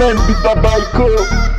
remember the bike.